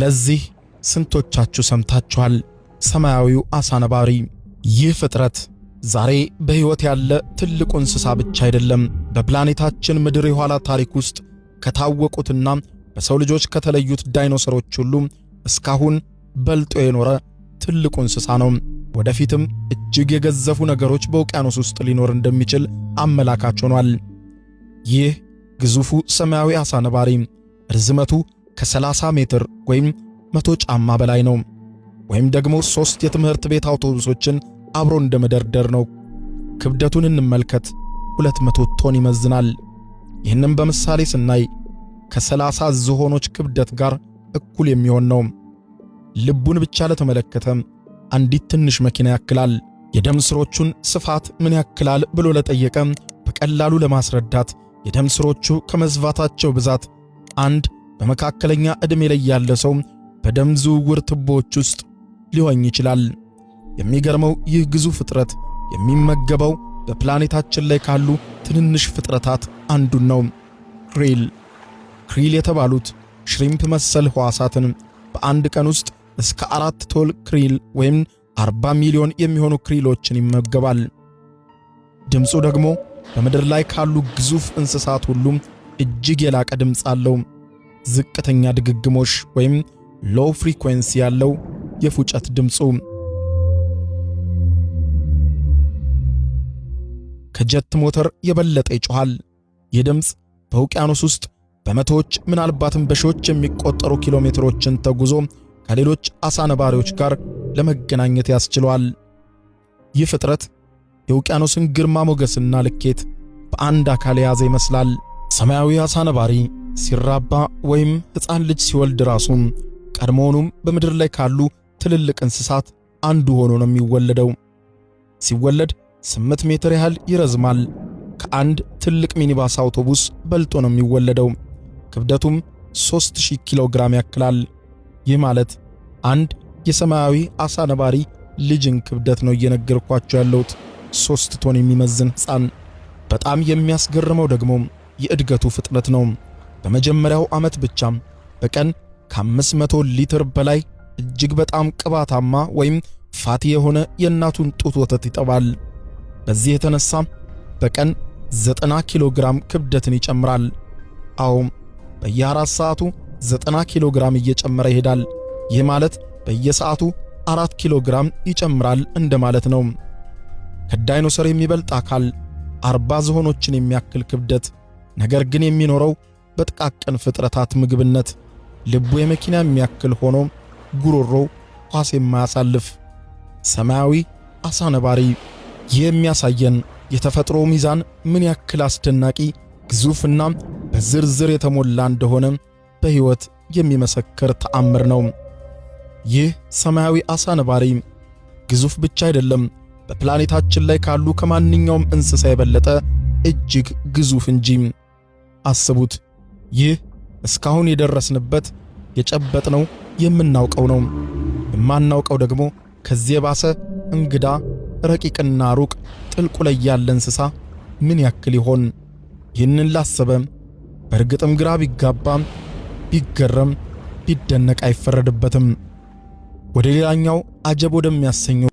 ለዚህ ስንቶቻችሁ ሰምታችኋል? ሰማያዊው አሳ ነባሪ። ይህ ፍጥረት ዛሬ በሕይወት ያለ ትልቁ እንስሳ ብቻ አይደለም። በፕላኔታችን ምድር የኋላ ታሪክ ውስጥ ከታወቁትና በሰው ልጆች ከተለዩት ዳይኖሰሮች ሁሉ እስካሁን በልጦ የኖረ ትልቁ እንስሳ ነው። ወደፊትም እጅግ የገዘፉ ነገሮች በውቅያኖስ ውስጥ ሊኖር እንደሚችል አመላካች ሆኗል። ይህ ግዙፉ ሰማያዊ አሳ ነባሪ ርዝመቱ ከ30 ሜትር ወይም 100 ጫማ በላይ ነው። ወይም ደግሞ ሶስት የትምህርት ቤት አውቶቡሶችን አብሮ እንደ መደርደር ነው። ክብደቱን እንመልከት፣ 200 ቶን ይመዝናል። ይህንም በምሳሌ ስናይ ከ30 ዝሆኖች ክብደት ጋር እኩል የሚሆን ነው። ልቡን ብቻ ለተመለከተ አንዲት ትንሽ መኪና ያክላል። የደም ስሮቹን ስፋት ምን ያክላል ብሎ ለጠየቀ በቀላሉ ለማስረዳት የደም ስሮቹ ከመዝባታቸው ብዛት አንድ በመካከለኛ ዕድሜ ላይ ያለ ሰው በደም ዝውውር ትቦዎች ውስጥ ሊሆን ይችላል። የሚገርመው ይህ ግዙፍ ፍጥረት የሚመገበው በፕላኔታችን ላይ ካሉ ትንንሽ ፍጥረታት አንዱን ነው፣ ክሪል። ክሪል የተባሉት ሽሪምፕ መሰል ሕዋሳትን በአንድ ቀን ውስጥ እስከ አራት ቶል ክሪል ወይም 40 ሚሊዮን የሚሆኑ ክሪሎችን ይመገባል። ድምፁ ደግሞ በምድር ላይ ካሉ ግዙፍ እንስሳት ሁሉም እጅግ የላቀ ድምፅ አለው። ዝቅተኛ ድግግሞሽ ወይም ሎው ፍሪኩዌንሲ ያለው የፉጨት ድምፁ ከጀት ሞተር የበለጠ ይጮኋል። ይህ ድምፅ በውቅያኖስ ውስጥ በመቶዎች ምናልባትም በሺዎች የሚቆጠሩ ኪሎ ሜትሮችን ተጉዞ ከሌሎች አሳ ነባሪዎች ጋር ለመገናኘት ያስችለዋል። ይህ ፍጥረት የውቅያኖስን ግርማ ሞገስና ልኬት በአንድ አካል የያዘ ይመስላል። ሰማያዊ አሳ ነባሪ ሲራባ ወይም ሕፃን ልጅ ሲወልድ ራሱ ቀድሞውኑም በምድር ላይ ካሉ ትልልቅ እንስሳት አንዱ ሆኖ ነው የሚወለደው። ሲወለድ ስምንት ሜትር ያህል ይረዝማል። ከአንድ ትልቅ ሚኒባስ አውቶቡስ በልጦ ነው የሚወለደው። ክብደቱም 3000 ኪሎ ግራም ያክላል። ይህ ማለት አንድ የሰማያዊ አሳ ነባሪ ልጅን ክብደት ነው እየነገርኳቸው ያለሁት። ሶስት ቶን የሚመዝን ሕፃን። በጣም የሚያስገርመው ደግሞ የእድገቱ ፍጥነት ነው። በመጀመሪያው ዓመት ብቻ በቀን ከ500 ሊትር በላይ እጅግ በጣም ቅባታማ ወይም ፋቲ የሆነ የእናቱን ጡት ወተት ይጠባል። በዚህ የተነሳ በቀን 90 ኪሎ ግራም ክብደትን ይጨምራል። አዎም በየአራት ሰዓቱ 90 ኪሎ ግራም እየጨመረ ይሄዳል። ይህ ማለት በየሰዓቱ 4 ኪሎ ግራም ይጨምራል እንደማለት ነው። ከዳይኖሰር የሚበልጥ አካል፣ 40 ዝሆኖችን የሚያክል ክብደት፣ ነገር ግን የሚኖረው በጥቃቅን ፍጥረታት ምግብነት ልቡ የመኪና የሚያክል ሆኖ ጉሮሮው ኳስ የማያሳልፍ ሰማያዊ አሳ ነባሪ። ይህ የሚያሳየን የተፈጥሮ ሚዛን ምን ያክል አስደናቂ ግዙፍና በዝርዝር የተሞላ እንደሆነ በሕይወት የሚመሰክር ተአምር ነው። ይህ ሰማያዊ አሳ ነባሪ ግዙፍ ብቻ አይደለም፣ በፕላኔታችን ላይ ካሉ ከማንኛውም እንስሳ የበለጠ እጅግ ግዙፍ እንጂ አስቡት። ይህ እስካሁን የደረስንበት የጨበጥነው የምናውቀው ነው። የማናውቀው ደግሞ ከዚህ የባሰ እንግዳ፣ ረቂቅና ሩቅ ጥልቁ ላይ ያለ እንስሳ ምን ያክል ይሆን? ይህንን ላሰበ በእርግጥም ግራ ቢጋባም ቢገረም ቢደነቅ አይፈረድበትም። ወደ ሌላኛው አጀብ ወደሚያሰኘው